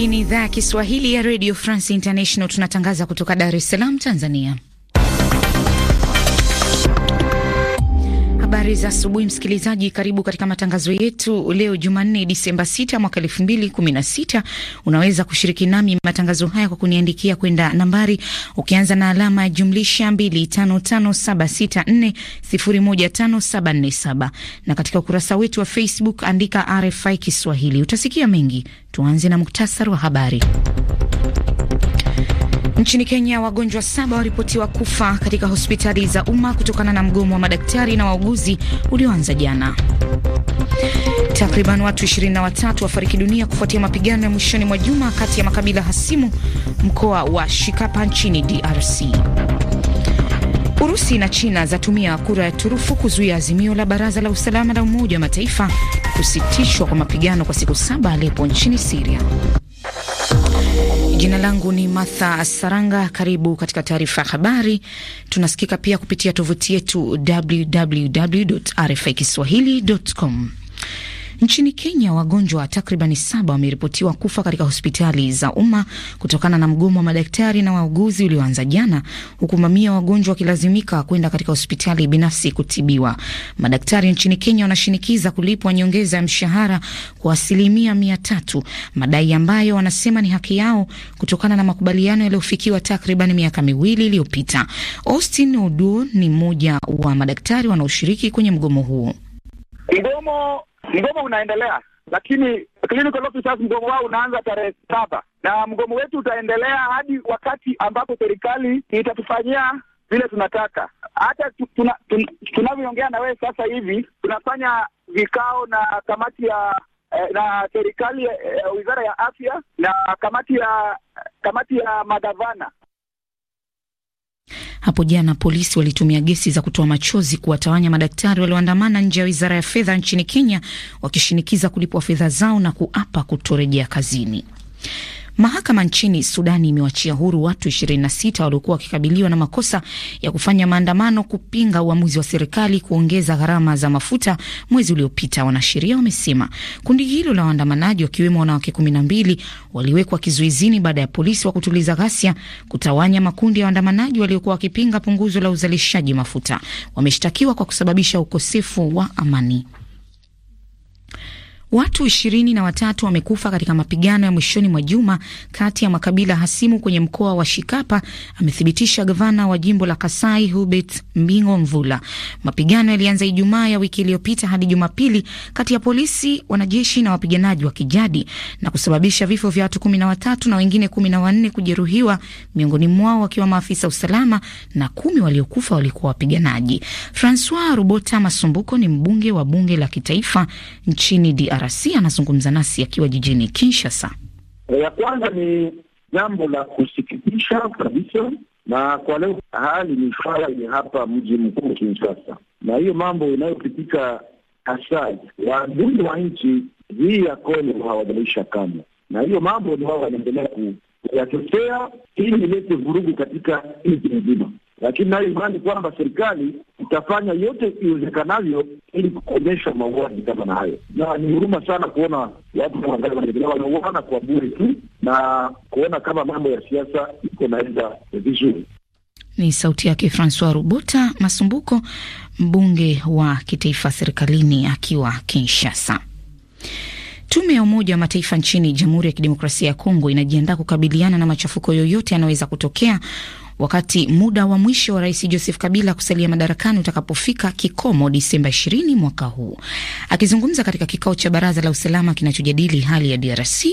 Hii ni idhaa ya Kiswahili ya Radio France International, tunatangaza kutoka Dar es Salaam, Tanzania. Habari za asubuhi, msikilizaji. Karibu katika matangazo yetu leo Jumanne, Disemba 6 mwaka 2016. Unaweza kushiriki nami matangazo haya kwa kuniandikia kwenda nambari ukianza na alama ya jumlisha 255764015747 na katika ukurasa wetu wa Facebook andika RFI Kiswahili. Utasikia mengi. Tuanze na muktasari wa habari. Nchini Kenya wagonjwa saba waripotiwa kufa katika hospitali za umma kutokana na mgomo wa madaktari na wauguzi ulioanza jana. Takriban watu 23 wafariki dunia kufuatia mapigano ya mwishoni mwa juma kati ya makabila hasimu mkoa wa Shikapa nchini DRC. Urusi na China zatumia kura ya turufu kuzuia azimio la Baraza la Usalama la Umoja wa Mataifa kusitishwa kwa mapigano kwa siku saba alipo nchini Siria. Jina langu ni Martha Saranga. Karibu katika taarifa ya habari. Tunasikika pia kupitia tovuti yetu www rfi Nchini Kenya, wagonjwa takribani saba wameripotiwa kufa katika hospitali za umma kutokana na mgomo wa madaktari na wauguzi ulioanza jana, huku mamia wagonjwa wakilazimika kwenda katika hospitali binafsi kutibiwa. Madaktari nchini Kenya wanashinikiza kulipwa nyongeza ya mshahara kwa asilimia mia tatu, madai ambayo wanasema ni haki yao kutokana na makubaliano yaliyofikiwa takriban miaka miwili iliyopita. Austin Oduo ni mmoja wa madaktari wanaoshiriki kwenye mgomo huo. Mgomo mgomo unaendelea, lakini clinical officers mgomo wao unaanza tarehe saba na mgomo wetu utaendelea hadi wakati ambapo serikali itatufanyia vile tunataka. Hata tunavyoongea tuna, tuna, tuna na wewe sasa hivi tunafanya vikao na kamati ya eh, na serikali ya eh, eh, wizara ya afya na kamati ya kamati ya magavana hapo jana polisi walitumia gesi za kutoa machozi kuwatawanya madaktari walioandamana nje ya wizara ya fedha nchini Kenya wakishinikiza kulipwa fedha zao na kuapa kutorejea kazini. Mahakama nchini Sudani imewachia huru watu 26 waliokuwa wakikabiliwa na makosa ya kufanya maandamano kupinga uamuzi wa serikali kuongeza gharama za mafuta mwezi uliopita. Wanasheria wamesema kundi hilo la waandamanaji, wakiwemo wanawake 12, waliwekwa kizuizini baada ya polisi wa kutuliza ghasia kutawanya makundi ya waandamanaji waliokuwa wakipinga punguzo la uzalishaji mafuta. Wameshtakiwa kwa kusababisha ukosefu wa amani. Watu ishirini na watatu wamekufa katika mapigano ya mwishoni mwa juma kati ya makabila hasimu kwenye mkoa wa Shikapa, amethibitisha gavana wa jimbo la Kasai Hubert Mbingo Mvula. Mapigano yalianza Ijumaa ya wiki iliyopita hadi Jumapili kati ya polisi, wanajeshi na wapiganaji wa kijadi na kusababisha vifo vya watu kumi na watatu na wengine kumi na wanne kujeruhiwa, miongoni mwao wakiwa maafisa usalama na kumi waliokufa walikuwa wapiganaji. Francois Rubota Masumbuko ni mbunge wa bunge la kitaifa nchini DR DRC anazungumza nasi akiwa jijini Kinshasa. Ya kwanza ni jambo la kusikitisha kabisa, na kwa leo hali ni shwari hapa mji mkuu Kinshasa, na hiyo mambo inayopitika hasa waadui wa nchi hii ya Kongo hawajaisha kama na hiyo mambo ni wao wanaendelea kuyachochea ili ilete vurugu katika nchi nzima lakini nayo imani kwamba serikali itafanya yote iwezekanavyo ili kukomesha mauaji kama na hayo, na ni huruma sana kuona watu wanauana kwa bure tu na kuona kama mambo ya siasa iko naenda vizuri. Ni sauti yake Francois Rubuta Masumbuko, mbunge wa kitaifa serikalini akiwa Kinshasa. Tume ya Umoja wa Mataifa nchini Jamhuri ya Kidemokrasia ya Kongo inajiandaa kukabiliana na machafuko yoyote yanayoweza kutokea wakati muda wa mwisho wa Rais Joseph Kabila kusalia madarakani utakapofika kikomo Disemba 20 mwaka huu. Akizungumza katika kikao cha baraza la usalama kinachojadili hali ya DRC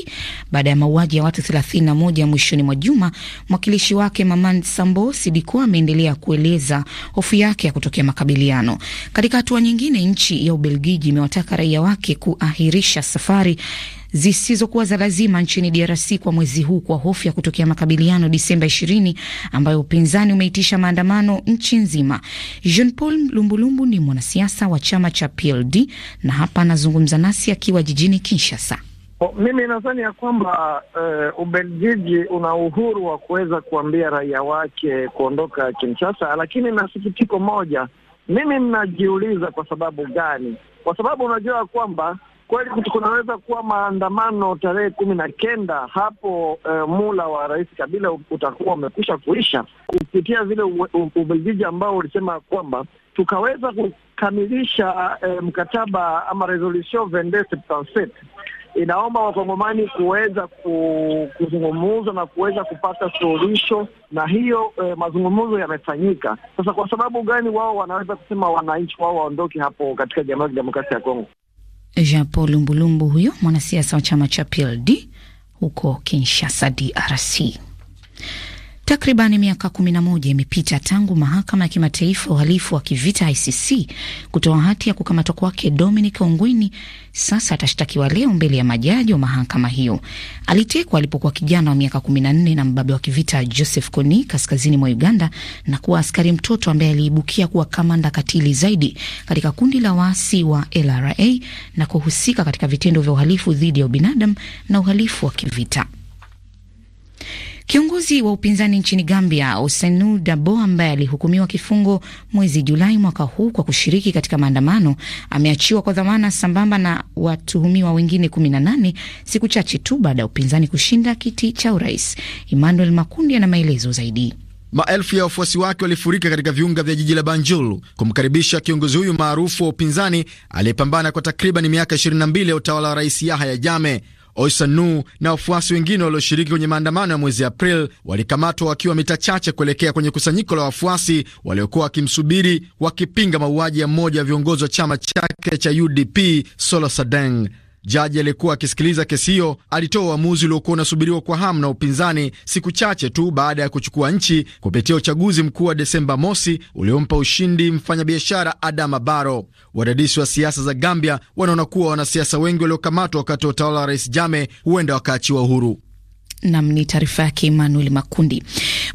baada ya mauaji ya watu 31 mwishoni mwa juma, mwakilishi wake Maman Sambo Sidiko ameendelea kueleza hofu yake ya kutokea makabiliano. Katika hatua nyingine, nchi ya Ubelgiji imewataka raia wake kuahirisha safari zisizokuwa za lazima nchini DRC kwa mwezi huu kwa hofu ya kutokea makabiliano Disemba 20 ambayo upinzani umeitisha maandamano nchi nzima. Jean Paul Lumbulumbu ni mwanasiasa wa chama cha PLD na hapa anazungumza nasi akiwa jijini Kinshasa. O, mimi nadhani ya kwamba uh, Ubelgiji una uhuru wa kuweza kuambia raia wake kuondoka Kinshasa, lakini na sikitiko moja mimi ninajiuliza kwa sababu gani? Kwa sababu unajua kwamba kweli kunaweza kuwa maandamano tarehe kumi na kenda hapo. Eh, mula wa Rais Kabila utakuwa umekwisha kuisha kupitia vile Ubelgiji ambao ulisema kwamba tukaweza kukamilisha eh, mkataba ama resolution inaomba wakongomani kuweza kuzungumuza na kuweza kupata suluhisho, na hiyo eh, mazungumzo yamefanyika. Sasa kwa sababu gani wao wanaweza kusema wananchi wao waondoke hapo katika Jamhuri ya Kidemokrasia ya Kongo? Jean Paul Lumbulumbu, huyo mwanasiasa wa chama cha PLD huko Kinshasa, DRC takriban miaka 11 imepita tangu mahakama ya kimataifa uhalifu wa kivita ICC kutoa hati ya kukamatwa kwake Dominic Ongwini. Sasa atashtakiwa leo mbele ya majaji wa mahakama hiyo. Alitekwa alipokuwa kijana wa miaka 14 na mbabe wa kivita Joseph Kony kaskazini mwa Uganda na kuwa askari mtoto ambaye aliibukia kuwa kamanda katili zaidi katika kundi la waasi wa LRA na kuhusika katika vitendo vya uhalifu dhidi ya ubinadamu na uhalifu wa kivita. Kiongozi wa upinzani nchini Gambia Osenu Dabo, ambaye alihukumiwa kifungo mwezi Julai mwaka huu kwa kushiriki katika maandamano, ameachiwa kwa dhamana sambamba na watuhumiwa wengine 18 siku chache tu baada ya upinzani kushinda kiti cha urais. Emmanuel Makundi ana maelezo zaidi. Maelfu ya wafuasi wake walifurika katika viunga vya jiji la Banjul kumkaribisha kiongozi huyu maarufu wa upinzani aliyepambana kwa takribani miaka 22 ya utawala wa Rais Yahya Jammeh. Oisanu na wafuasi wengine walioshiriki kwenye maandamano ya mwezi April walikamatwa wakiwa mita chache kuelekea kwenye kusanyiko la wafuasi waliokuwa wakimsubiri wakipinga mauaji ya mmoja wa viongozi wa chama chake cha UDP Solo Sadeng. Jaji aliyekuwa akisikiliza kesi hiyo alitoa uamuzi uliokuwa unasubiriwa kwa hamu na upinzani siku chache tu baada ya kuchukua nchi kupitia uchaguzi mkuu wa Desemba mosi uliompa ushindi mfanyabiashara Adama baro Wadadisi wa siasa za Gambia wanaona kuwa wanasiasa wengi waliokamatwa wakati wa utawala wa Rais Jame huenda wakaachiwa uhuru. Nam, ni taarifa yake Emmanuel Makundi.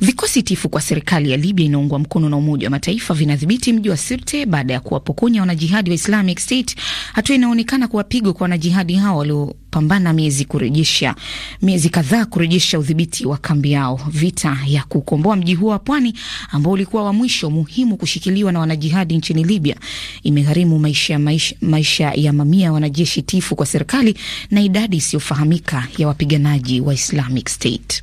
Vikosi tifu kwa serikali ya Libya inaungwa mkono na Umoja wa Mataifa vinadhibiti mji wa Sirte baada ya kuwapokonya wanajihadi wa Islamic State, hatua inaonekana kuwa pigo kwa wanajihadi hao waliopambana miezi kurejesha miezi kadhaa kurejesha udhibiti wa kambi yao. Vita ya kukomboa mji huo wa pwani ambao ulikuwa wa mwisho muhimu kushikiliwa na wanajihadi nchini Libya imegharimu maisha, maisha, maisha ya mamia ya wanajeshi tifu kwa serikali na idadi isiyofahamika ya wapiganaji wa Islamic State.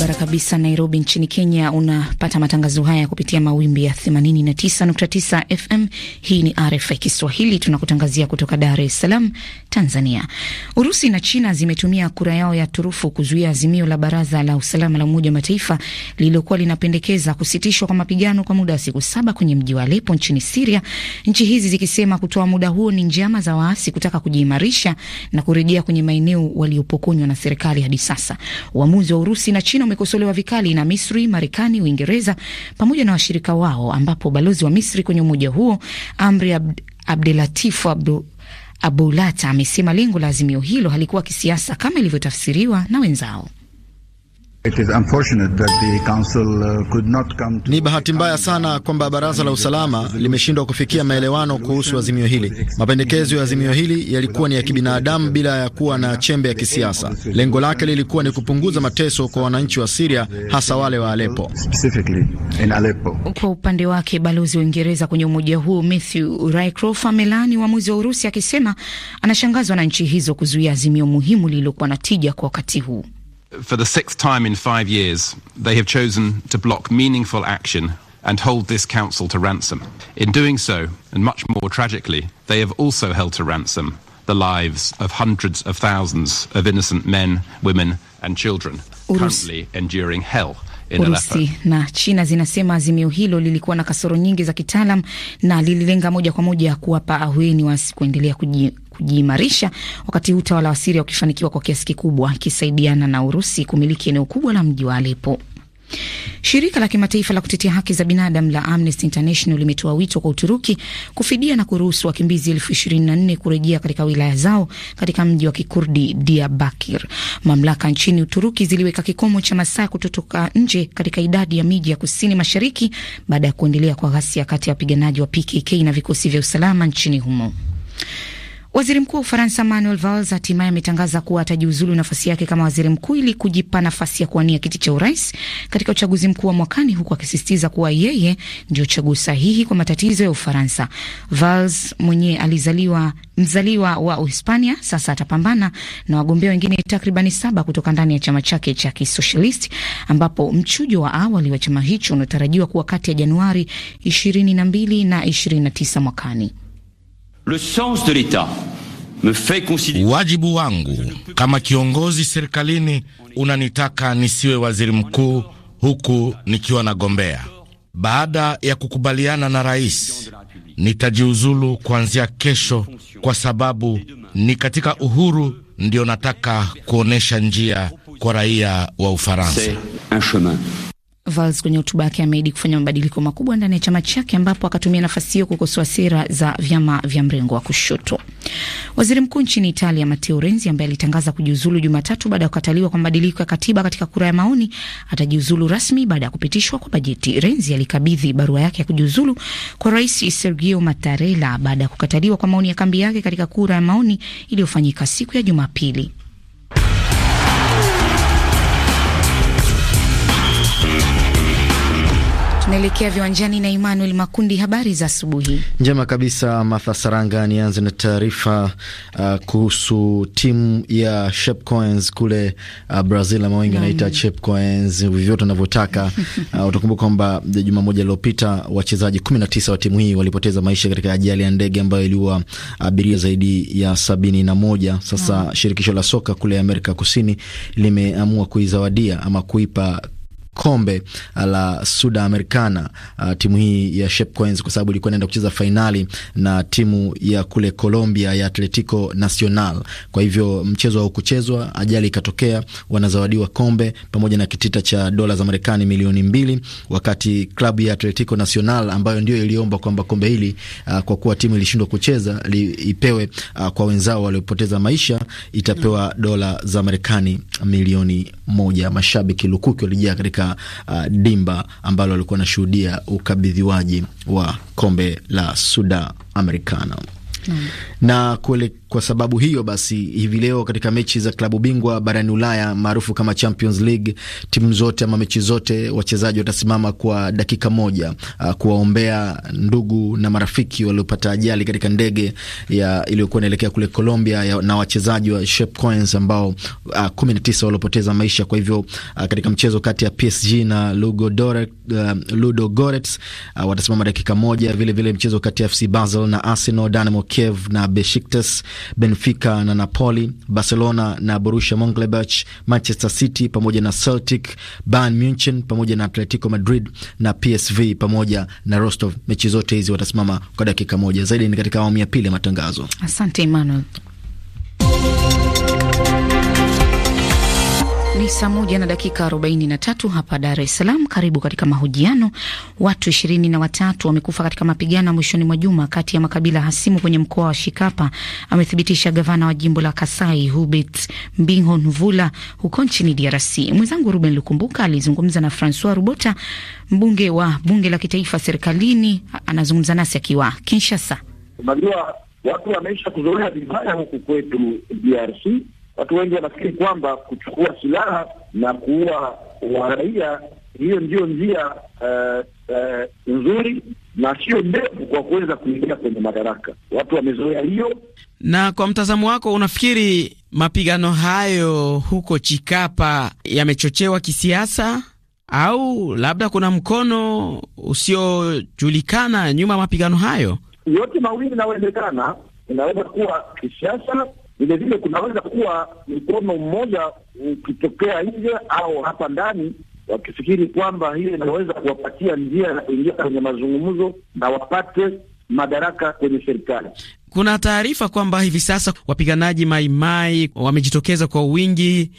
barabara kabisa Nairobi nchini Kenya. Unapata matangazo haya kupitia mawimbi ya 89.9 FM. Hii ni RFI Kiswahili, tunakutangazia kutoka Dar es Salaam, Tanzania. Urusi na China zimetumia kura yao ya turufu kuzuia azimio la Baraza la Usalama la Umoja wa Mataifa lililokuwa linapendekeza kusitishwa kwa mapigano kwa muda wa siku saba kwenye mji wa Alepo nchini Siria, nchi hizi zikisema kutoa muda huo ni njama za waasi kutaka kujiimarisha na kurejea kwenye maeneo waliopokonywa na serikali hadi sasa. Uamuzi wa Urusi na China umekosolewa vikali na Misri, Marekani, Uingereza pamoja na washirika wao, ambapo balozi wa Misri kwenye umoja huo Amri Abd Abdelatif Abdu Abulata amesema lengo la azimio hilo halikuwa kisiasa kama ilivyotafsiriwa na wenzao. It is unfortunate that the council uh, could not come to... Ni bahati mbaya sana kwamba baraza la usalama limeshindwa kufikia maelewano kuhusu azimio hili. Mapendekezo ya azimio hili yalikuwa ni ya kibinadamu bila ya kuwa na chembe ya kisiasa. Lengo lake lilikuwa ni kupunguza mateso kwa wananchi wa Siria, hasa wale wa Aleppo. Kwa upande wake, balozi wa Uingereza kwenye umoja huo Matthew Rycroft amelaani uamuzi wa Urusi akisema anashangazwa na nchi hizo kuzuia azimio muhimu lililokuwa na tija kwa wakati huu. For the sixth time in five years, they have chosen to block meaningful action and hold this council to ransom. In doing so, and much more tragically, they have also held to ransom the lives of hundreds of thousands of innocent men, women, and children currently enduring hell. Urusi na China zinasema azimio hilo lilikuwa na kasoro nyingi za kitaalam na lililenga moja kwa moja kuwapa ahueni waasi kuendelea kuji kujiimarisha wakati huu utawala wa Siria ukifanikiwa kwa kiasi kikubwa ikisaidiana na Urusi kumiliki eneo kubwa la mji wa Alepo. Shirika la kimataifa la kutetea haki za binadamu la Amnesty International limetoa wito kwa Uturuki kufidia na kuruhusu wakimbizi elfu ishirini na nne kurejea katika wilaya zao katika mji wa kikurdi bakir Mamlaka nchini Uturuki ziliweka kikomo cha masaa kutotoka nje katika idadi ya miji ya kusini mashariki baada ya kuendelea kwa ghasia kati ya wapiganaji wa PKK na vikosi vya usalama nchini humo. Waziri mkuu wa Ufaransa Manuel Valls hatimaye ametangaza kuwa atajiuzulu nafasi yake kama waziri mkuu ili kujipa nafasi ya kuwania kiti cha urais katika uchaguzi mkuu wa mwakani, huku akisisitiza kuwa yeye ndio chaguo sahihi kwa matatizo ya Ufaransa. Valls mwenyee alizaliwa mzaliwa wa Uhispania, sasa atapambana na wagombea wengine takribani saba kutoka ndani ya chama chake cha Kisosialisti, ambapo mchujo wa awali wa chama hicho unatarajiwa kuwa kati ya Januari 22 na 29 mwakani. Le sens de l'état me fait considérer. Wajibu wangu kama kiongozi serikalini unanitaka nisiwe waziri mkuu huku nikiwa nagombea. Baada ya kukubaliana na rais, nitajiuzulu kuanzia kesho, kwa sababu ni katika uhuru ndio nataka kuonesha njia kwa raia wa Ufaransa. Vals kwenye hotuba yake ameahidi kufanya mabadiliko makubwa ndani ya chama chake, ambapo akatumia nafasi hiyo kukosoa sera za vyama vya mrengo wa kushoto. Waziri mkuu nchini Italia Matteo Renzi, ambaye alitangaza kujiuzulu Jumatatu baada ya kukataliwa kwa mabadiliko ya katiba katika kura ya maoni, atajiuzulu rasmi baada ya kupitishwa kwa bajeti. Renzi alikabidhi barua yake ya kujiuzulu kwa Rais Sergio Mattarella baada ya kukataliwa kwa maoni ya kambi yake katika kura ya maoni iliyofanyika siku ya Jumapili. Tunaelekea viwanjani na Emmanuel Makundi. Habari za asubuhi njema kabisa, Martha Saranga. Nianze na taarifa uh, kuhusu timu ya Chapecoense kule uh, Brazil, ama wengi wanaita Chapecoense vyovyote wanavyotaka. Uh, utakumbuka kwamba uh, juma moja iliyopita wachezaji kumi na tisa wa timu hii walipoteza maisha katika ajali ya ndege ambayo iliua abiria zaidi ya sabini na moja. Sasa shirikisho la soka kule Amerika Kusini limeamua kuizawadia ama kuipa kombe uh, la Suda Americana, uh, timu hii ya Chapecoense kwa sababu ilikuwa inaenda kucheza fainali na timu ya kule Colombia ya Atletico Nacional. Kwa hivyo mchezo kuchezwa, ajali ikatokea, wanazawadiwa kombe pamoja na kitita cha dola za Marekani milioni mbili, wakati klabu ya Atletico Nacional ambayo ndio iliomba kwamba kombe hili uh, kwa kuwa timu ilishindwa kucheza li, ipewe uh, kwa wenzao waliopoteza maisha, itapewa dola za Marekani milioni moja. Mashabiki lukuki walijaa katika katika uh, dimba ambalo walikuwa anashuhudia ukabidhiwaji wa kombe la Sudamericano. Mm. Na kuelekea kwa sababu hiyo basi, hivi leo katika mechi za klabu bingwa barani Ulaya maarufu kama Champions League, timu zote ama mechi zote, wachezaji watasimama kwa dakika moja uh, kuwaombea ndugu na marafiki waliopata ajali katika ndege ya iliyokuwa inaelekea kule Colombia ya, na wachezaji wa Shep Coins ambao uh, kumi na tisa waliopoteza maisha. Kwa hivyo uh, katika mchezo kati ya PSG na Lugo Dore, uh, Ludo Goretz uh, watasimama dakika moja. Vile vile mchezo kati ya FC Basel na Arsenal, Dynamo Kiev na Besiktas Benfica na Napoli, Barcelona na Borussia Monchengladbach, Manchester City pamoja na Celtic, Bayern Munich pamoja na Atletico Madrid na PSV pamoja na Rostov. Mechi zote hizi watasimama kwa dakika moja. Zaidi ni katika awamu ya pili ya matangazo. Asante Emmanuel. Ni saa moja na dakika tatu hapa Dar es Salaam. Karibu katika mahojiano. Watu ishirini na watatu wamekufa katika mapigano mwishoni mwa juma kati ya makabila hasimu kwenye mkoa wa Shikapa, amethibitisha gavana wa jimbo la Kasai Hubert Mbinho Nvula huko nchini DRC. Mwenzangu Ruben Lukumbuka alizungumza na Francois Rubota, mbunge wa bunge la kitaifa serikalini, anazungumza nasi akiwa Kinshasa. Unajua watu wameisha kuzoea vibaya huku kwetu DRC watu wengi wanafikiri kwamba kuchukua silaha na kuua waraia hiyo ndiyo njia uh, uh, nzuri na sio ndefu kwa kuweza kuingia kwenye madaraka. Watu wamezoea hiyo. Na kwa mtazamo wako, unafikiri mapigano hayo huko Chikapa yamechochewa kisiasa au labda kuna mkono usiojulikana nyuma ya mapigano hayo? Yote mawili inawezekana, inaweza kuwa kisiasa vilevile kunaweza kuwa mkono mmoja ukitokea nje au hapa ndani, wakifikiri kwamba hiyo inaweza kuwapatia njia ya kuingia kwenye mazungumzo na wapate madaraka kwenye serikali. Kuna taarifa kwamba hivi sasa wapiganaji maimai wamejitokeza kwa wingi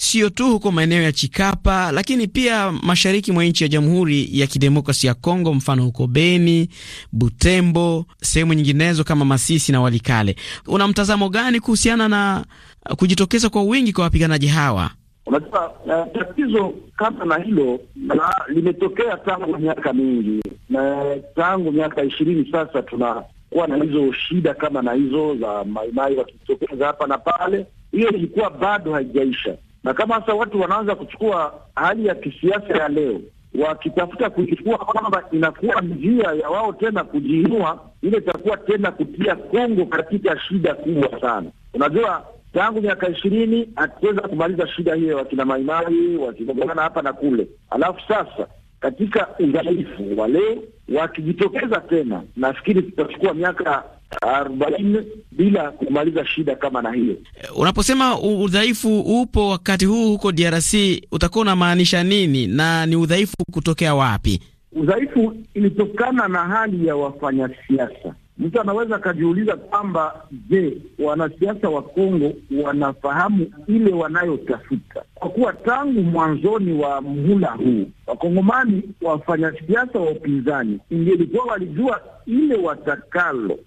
sio tu huko maeneo ya Chikapa, lakini pia mashariki mwa nchi ya Jamhuri ya Kidemokrasi ya Kongo, mfano huko Beni, Butembo, sehemu nyinginezo kama Masisi na Walikale. Una mtazamo gani kuhusiana na uh, kujitokeza kwa wingi kwa wapiganaji hawa? Unajua, uh, tatizo kama na hilo na limetokea tangu miaka mingi, na tangu miaka ishirini sasa tunakuwa na hizo shida kama na hizo za maimai wakijitokeza hapa na pale. Hiyo ilikuwa bado haijaisha, na kama sasa watu wanaanza kuchukua hali ya kisiasa ya leo wakitafuta kuichukua kwamba inakuwa njia ya wao tena kujiinua, ile itakuwa tena kutia Kongo katika shida kubwa sana. Unajua, tangu miaka ishirini hatuweza kumaliza shida hiyo, wakina Maimai wakigogana hapa na kule, alafu sasa katika udhaifu wa leo wakijitokeza tena, nafikiri tutachukua miaka arobaini bila kumaliza shida kama na hiyo. Eh, unaposema udhaifu upo wakati huu huko DRC, utakuwa unamaanisha nini na ni udhaifu kutokea wapi? Udhaifu ilitokana na hali ya wafanyasiasa. Mtu anaweza akajiuliza kwamba je, wanasiasa wa Kongo wanafahamu ile wanayotafuta? Kwa kuwa tangu mwanzoni wa mhula huu wakongomani wafanyasiasa wa upinzani ingelikuwa walijua ile watakalo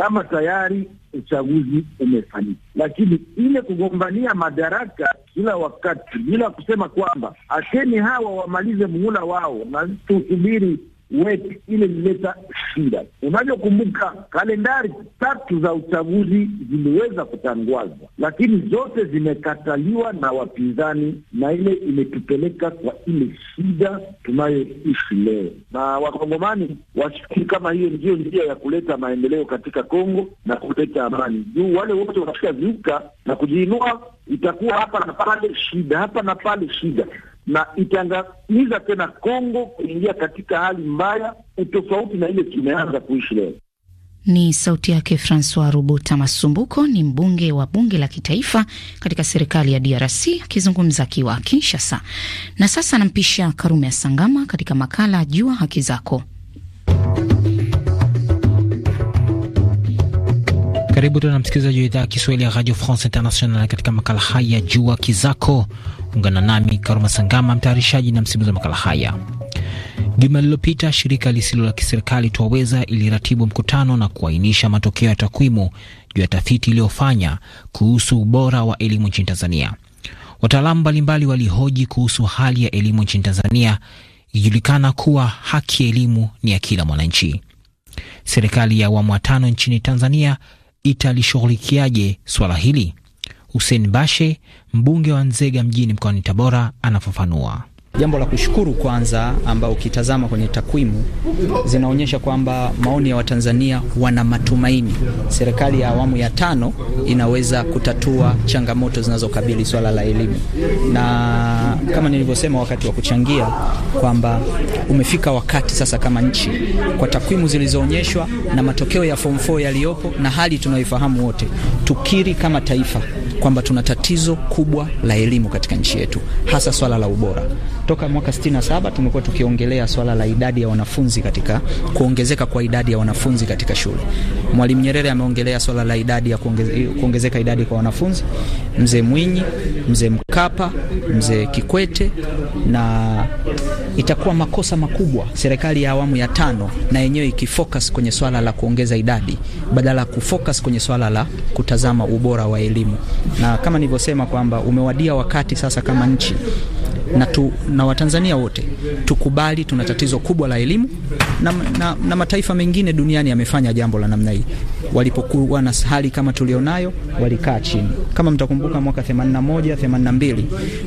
kama tayari uchaguzi umefanyika, lakini ile kugombania madaraka kila wakati bila kusema kwamba acheni hawa wamalize muhula wao na tusubiri wetu ile lileta shida. Unavyokumbuka, kalendari tatu za uchaguzi ziliweza kutangazwa, lakini zote zimekataliwa na wapinzani, na ile imetupeleka kwa ile shida tunayoishi leo. Na wakongomani wafikiri kama hiyo ndiyo njia ya kuleta maendeleo katika Kongo na kuleta amani, juu wale wote viuka na kujiinua itakuwa hapa na pale shida, hapa na pale shida na itangamiza tena Kongo kuingia katika hali mbaya, utofauti na ile tumeanza kuishi leo. Ni sauti yake Francois Rubuta Masumbuko, ni mbunge wa bunge la kitaifa katika serikali ya DRC akizungumza akiwa Kinshasa. Na sasa anampisha Karume ya Sangama katika makala Jua Haki Zako. Karibu tena msikilizaji wa idhaa ya Kiswahili ya Radio France International katika makala haya Jua Haki Zako. Ungana nami Karuma Sangama, mtayarishaji na msimuzi wa makala haya. Juma lililopita shirika lisilo la kiserikali Twaweza iliratibu mkutano na kuainisha matokeo ya takwimu juu ya tafiti iliyofanya kuhusu ubora wa elimu nchini Tanzania. Wataalamu mbalimbali walihoji kuhusu hali ya elimu nchini Tanzania, ikijulikana kuwa haki ya elimu ni ya kila mwananchi. Serikali ya awamu watano tano nchini Tanzania italishughulikiaje suala hili? Hussein Bashe, mbunge wa Nzega mjini mkoani Tabora, anafafanua. Jambo la kushukuru kwanza, ambao ukitazama kwenye takwimu zinaonyesha kwamba maoni ya Watanzania wana matumaini serikali ya awamu ya tano inaweza kutatua changamoto zinazokabili swala la elimu, na kama nilivyosema wakati wa kuchangia kwamba umefika wakati sasa kama nchi, kwa takwimu zilizoonyeshwa na matokeo ya form 4 yaliyopo na hali tunayoifahamu wote, tukiri kama taifa kwamba tuna tatizo kubwa la elimu katika nchi yetu, hasa swala la ubora toka mwaka 67 tumekuwa tukiongelea swala la idadi ya wanafunzi katika kuongezeka kwa idadi ya wanafunzi katika shule. Mwalimu Nyerere ameongelea swala la idadi ya kuongeze, kuongezeka idadi kwa wanafunzi. Mzee Mwinyi, mzee Mkapa, mzee Kikwete, na itakuwa makosa makubwa serikali ya awamu ya tano na yenyewe ikifocus kwenye swala la kuongeza idadi badala ya kufocus kwenye swala la kutazama ubora wa elimu, na kama nilivyosema kwamba umewadia wakati sasa kama nchi na, tu, na Watanzania wote tukubali tuna tatizo kubwa la elimu na, na, na mataifa mengine duniani yamefanya jambo la namna hii. Walipokuwa na hali kama tulionayo, walikaa chini. Kama mtakumbuka, mwaka 81 82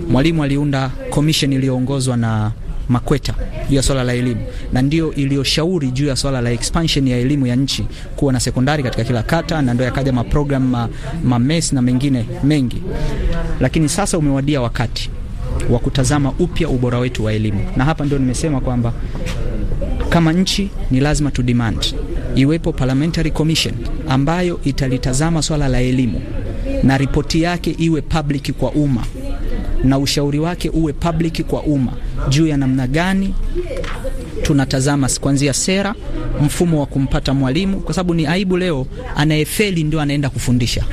Mwalimu aliunda commission iliyoongozwa na Makweta juu ya swala la elimu na ndio iliyoshauri juu ya swala la expansion ya elimu ya nchi kuwa na sekondari katika kila kata, na ndio yakaja maprogram ma, ma MES na mengine mengi, lakini sasa umewadia wakati wa kutazama upya ubora wetu wa elimu, na hapa ndio nimesema kwamba kama nchi ni lazima tu demand iwepo parliamentary commission ambayo italitazama swala la elimu na ripoti yake iwe public kwa umma na ushauri wake uwe public kwa umma juu ya namna gani tunatazama kuanzia sera, mfumo wa kumpata mwalimu, kwa sababu ni aibu leo anayefeli ndio anaenda kufundisha.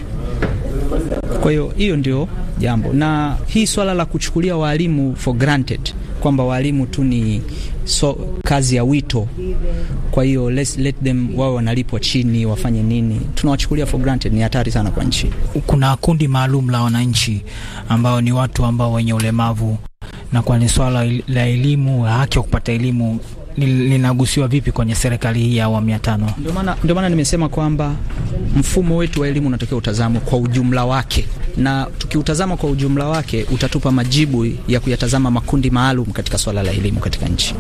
Kwa hiyo hiyo ndio jambo, na hii swala la kuchukulia waalimu for granted kwamba waalimu tu ni so, kazi ya wito, kwa hiyo let them wao wanalipwa chini wafanye nini, tunawachukulia for granted, ni hatari sana kwa nchi. Kuna kundi maalum la wananchi ambao ni watu ambao wenye ulemavu, na kwani swala la elimu, haki ya kupata elimu linagusiwa vipi kwenye serikali hii ya awamu ya tano? Ndio maana nimesema kwamba mfumo wetu wa elimu unatokea utazamwe kwa ujumla wake, na tukiutazama kwa ujumla wake utatupa majibu ya kuyatazama makundi maalum katika swala la elimu katika nchi.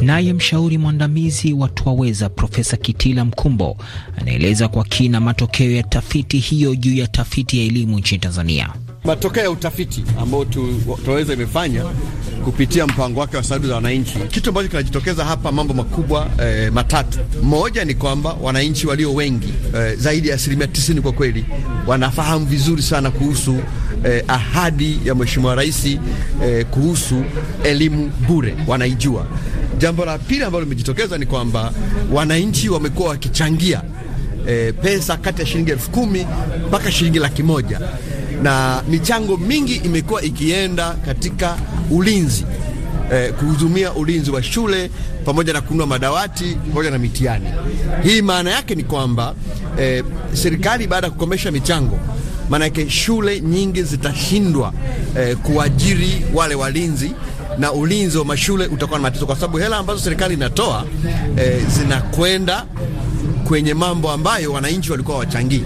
Naye mshauri mwandamizi wa Twaweza Profesa Kitila Mkumbo anaeleza kwa kina matokeo ya tafiti hiyo juu ya tafiti ya elimu nchini Tanzania. Matokeo ya utafiti ambao tunaweza imefanya kupitia mpango wake wa sauti za wananchi, kitu ambacho kinajitokeza hapa, mambo makubwa e, matatu. Moja ni kwamba wananchi walio wengi e, zaidi ya asilimia tisini kwa kweli wanafahamu vizuri sana kuhusu Eh, ahadi ya Mheshimiwa Rais eh, kuhusu elimu bure wanaijua. Jambo la pili ambalo limejitokeza ni kwamba wananchi wamekuwa wakichangia eh, pesa kati ya shilingi elfu kumi mpaka shilingi laki moja na michango mingi imekuwa ikienda katika ulinzi eh, kuhudumia ulinzi wa shule pamoja na kununua madawati pamoja na mitihani. Hii maana yake ni kwamba eh, serikali baada ya kukomesha michango maana yake shule nyingi zitashindwa eh, kuajiri wale walinzi na ulinzi wa mashule utakuwa na matatizo, kwa sababu hela ambazo serikali inatoa eh, zinakwenda kwenye mambo ambayo wananchi walikuwa wachangii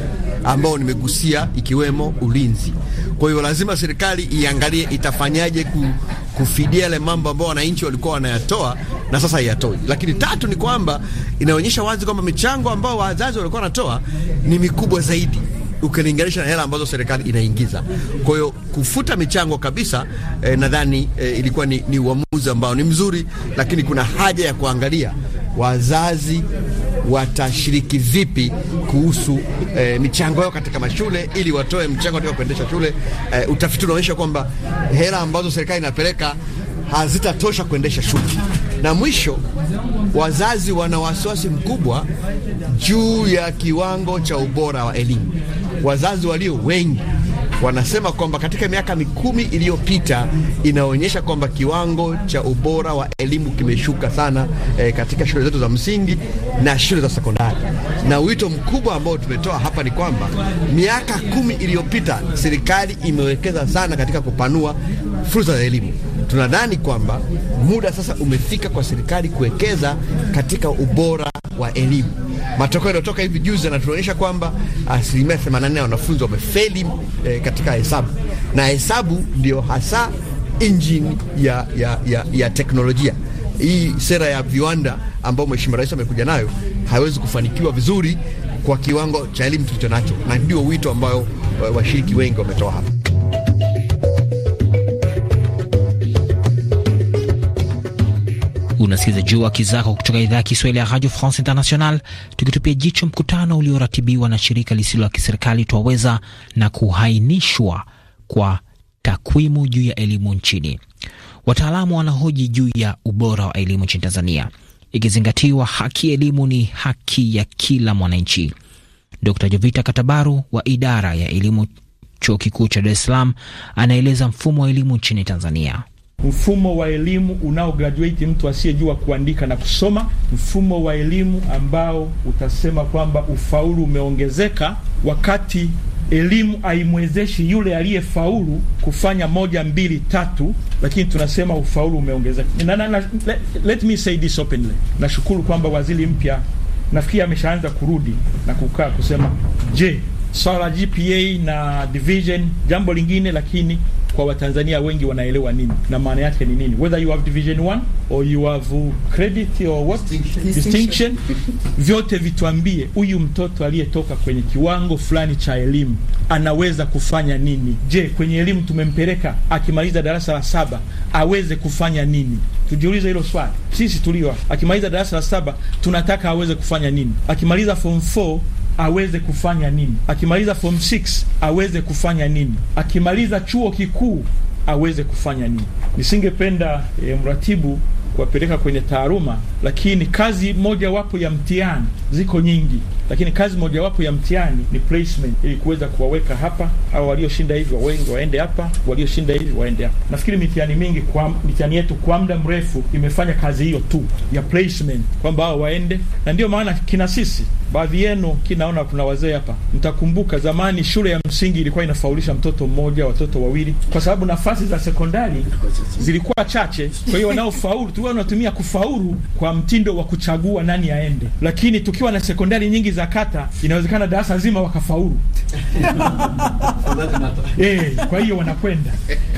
ambao nimegusia ikiwemo ulinzi. Kwa hiyo lazima serikali iangalie itafanyaje ku, kufidia yale mambo ambao wananchi walikuwa wanayatoa na sasa hayatoi. Lakini tatu ni kwamba inaonyesha wazi kwamba michango ambao wazazi walikuwa wanatoa ni mikubwa zaidi ukilinganisha na hela ambazo serikali inaingiza. Kwa hiyo kufuta michango kabisa, eh, nadhani eh, ilikuwa ni, ni uamuzi ambao ni mzuri, lakini kuna haja ya kuangalia wazazi watashiriki vipi kuhusu e, michango yao katika mashule ili watoe mchango katika kuendesha shule. E, utafiti unaonyesha kwamba hela ambazo serikali inapeleka hazitatosha kuendesha shule. Na mwisho, wazazi wana wasiwasi mkubwa juu ya kiwango cha ubora wa elimu. Wazazi walio wengi wanasema kwamba katika miaka mikumi iliyopita inaonyesha kwamba kiwango cha ubora wa elimu kimeshuka sana e, katika shule zetu za msingi na shule za sekondari. Na wito mkubwa ambao tumetoa hapa ni kwamba miaka kumi iliyopita serikali imewekeza sana katika kupanua fursa za elimu. Tunadhani kwamba muda sasa umefika kwa serikali kuwekeza katika ubora wa elimu. Matokeo yaliyotoka hivi juzi yanatuonyesha kwamba asilimia 84 ya wanafunzi wamefeli eh, katika hesabu, na hesabu ndio hasa injini ya, ya, ya, ya teknolojia. Hii sera ya viwanda ambayo Mheshimiwa Rais amekuja nayo haiwezi kufanikiwa vizuri kwa kiwango cha elimu tulicho nacho, na ndio wito ambayo eh, washiriki wengi wametoa hapa. unasikiliza juu haki zako kutoka idhaa ya Kiswahili ya Radio France International, tukitupia jicho mkutano ulioratibiwa na shirika lisilo la kiserikali Twaweza na kuhainishwa kwa takwimu juu ya elimu nchini. Wataalamu wanahoji juu ya ubora wa elimu nchini Tanzania, ikizingatiwa haki ya elimu ni haki ya kila mwananchi. Dr Jovita Katabaru wa idara ya elimu chuo kikuu cha Dar es Salaam anaeleza mfumo wa elimu nchini Tanzania mfumo wa elimu graduate mtu asiyejua kuandika na kusoma, mfumo wa elimu ambao utasema kwamba ufaulu umeongezeka, wakati elimu haimwezeshi yule aliyefaulu kufanya moja mbili tatu, lakini tunasema ufaulu umeongezeka. Na, na, na, let, let me say this openly, nashukuru kwamba waziri mpya nafikiri ameshaanza kurudi na kukaa kusema, je swala la GPA na division jambo lingine, lakini kwa Watanzania wengi wanaelewa nini na maana yake ni nini, whether you have division 1 or you have credit or what distinction, distinction. Vyote vituambie huyu mtoto aliyetoka kwenye kiwango fulani cha elimu anaweza kufanya nini. Je, kwenye elimu tumempeleka akimaliza darasa la saba aweze kufanya nini? Tujiulize hilo swali sisi tulio, akimaliza darasa la saba tunataka aweze kufanya nini? Akimaliza form aweze kufanya nini, akimaliza form 6 aweze kufanya nini, akimaliza chuo kikuu aweze kufanya nini. Nisingependa e, mratibu kuwapeleka kwenye taaluma, lakini kazi moja wapo ya mtihani, ziko nyingi, lakini kazi moja wapo ya mtihani ni placement, ili kuweza kuwaweka hapa au walioshinda hivi wengi waende hapa, walioshinda hivi waende hapa. Nafikiri mitihani mingi kwa mitihani yetu kwa muda mrefu imefanya kazi hiyo tu ya placement, kwamba hao waende, na ndio maana kina sisi baadhi yenu kinaona, kuna wazee hapa, mtakumbuka zamani shule ya msingi ilikuwa inafaulisha mtoto mmoja, watoto wawili, kwa sababu nafasi za sekondari zilikuwa chache, kwa hiyo wanaofaulu tu ambao unatumia kufaulu kwa mtindo wa kuchagua nani aende, lakini tukiwa na sekondari nyingi za kata inawezekana darasa zima wakafaulu. Eh, kwa hiyo wanakwenda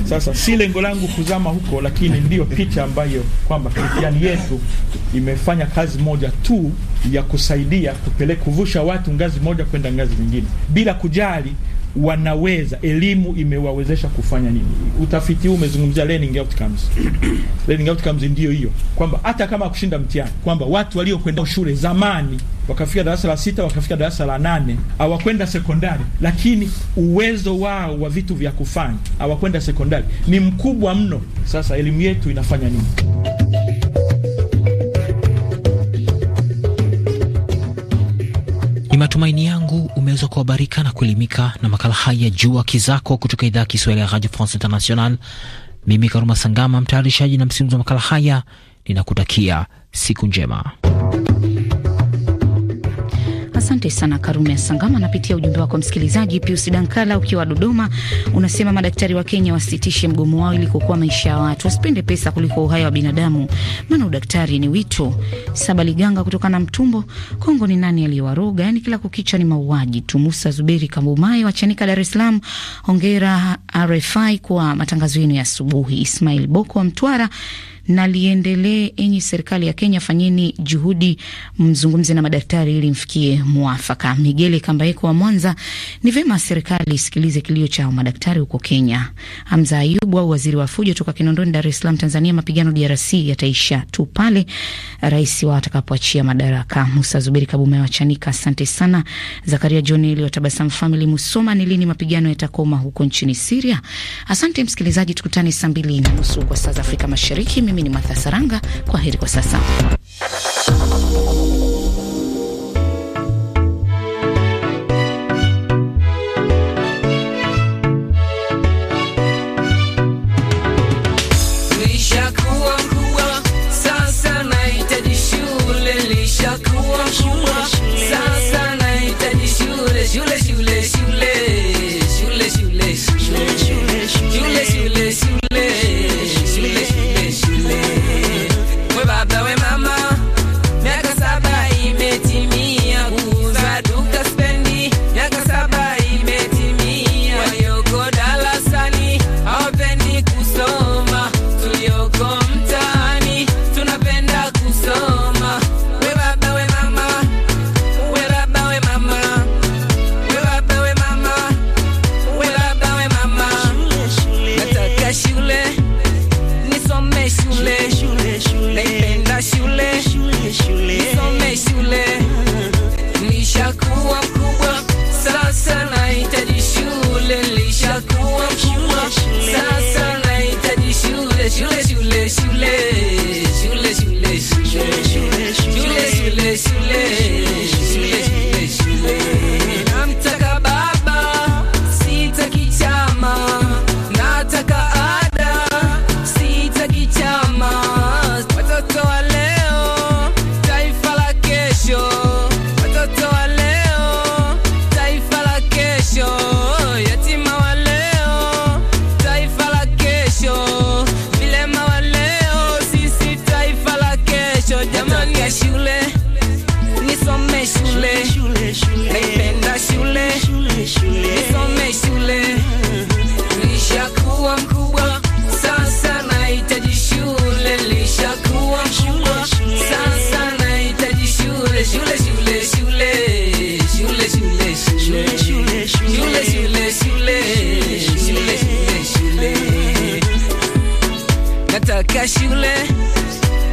sasa. Si lengo langu kuzama huko, lakini ndiyo picha ambayo kwamba Kristiani yetu imefanya kazi moja tu ya kusaidia kupeleka kuvusha watu ngazi moja kwenda ngazi nyingine bila kujali wanaweza, elimu imewawezesha kufanya nini? Utafiti huu umezungumzia learning outcomes. learning outcomes ndio hiyo, kwamba hata kama kushinda mtihani, kwamba watu waliokwenda shule zamani wakafika darasa la sita, wakafika darasa la nane, hawakwenda sekondari, lakini uwezo wao wa vitu vya kufanya hawakwenda sekondari ni mkubwa mno. Sasa elimu yetu inafanya nini? Matumaini yangu umeweza kuhabarika na kuelimika na makala haya Jua Kizako kutoka idhaa ya Kiswahili ya Radio France International. Mimi Karuma Sangama, mtayarishaji na msimuzi wa makala haya, ninakutakia siku njema. Asante sana Karume Sangama. Napitia ujumbe wako msikilizaji Pius Dankala ukiwa Dodoma, unasema madaktari wa Kenya wasitishe mgomo wao ili kuokoa maisha ya watu, wasipende pesa kuliko uhai wa binadamu, maana udaktari ni wito. Sabaliganga kutokana na Mtumbo, Kongo, ni nani aliyewaroga? Yani kila kukicha ni mauaji tu. Musa Zuberi kambumae wachanika Dar es Salaam, hongera RFI kwa matangazo yenu ya asubuhi. Ismail Boko wa Mtwara na liendelee. Enyi serikali ya Kenya, fanyeni juhudi, mzungumze na madaktari ili mfikie mwafaka. Migele Kambaeko wa Mwanza, ni vema serikali isikilize kilio cha madaktari huko Kenya. Hamza Ayubu au waziri wa fujo toka Kinondoni, Dar es Salaam, Tanzania, mapigano DRC yataisha tu pale rais wa atakapoachia madaraka. Musa Zuberi Kabume wa Chanika, asante sana. Zakaria John ili watabasam Tabasamu Family Musoma, ni lini mapigano yatakoma huko nchini Syria? Asante msikilizaji, tukutane saa mbili na nusu kwa saa za Afrika Mashariki. Mimi mimi ni Martha Saranga, kwa heri kwa sasa. Naenda shule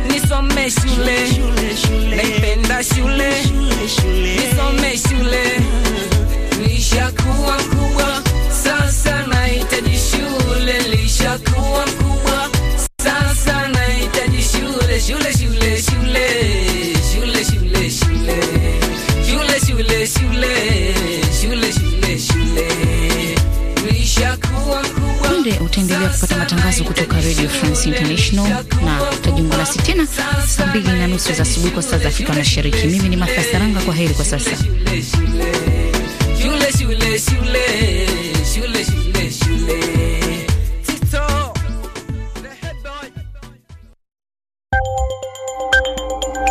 nisome shule, naipenda shule nisome shule, nishakuwa kubwa sasa nahitaji shule, lishakuwa kubwa sasa nahitaji shule, shule shule shule shule shule shule shule shule shule shule shule shule, nishakuwa kubwa. Punde utaendelea kupata matangazo kutoka Amnesty International na tutajiunga nasi tena saa mbili na nusu za asubuhi kwa saa za Afrika Mashariki. Mimi ni Martha Saranga, kwa heri kwa sasa.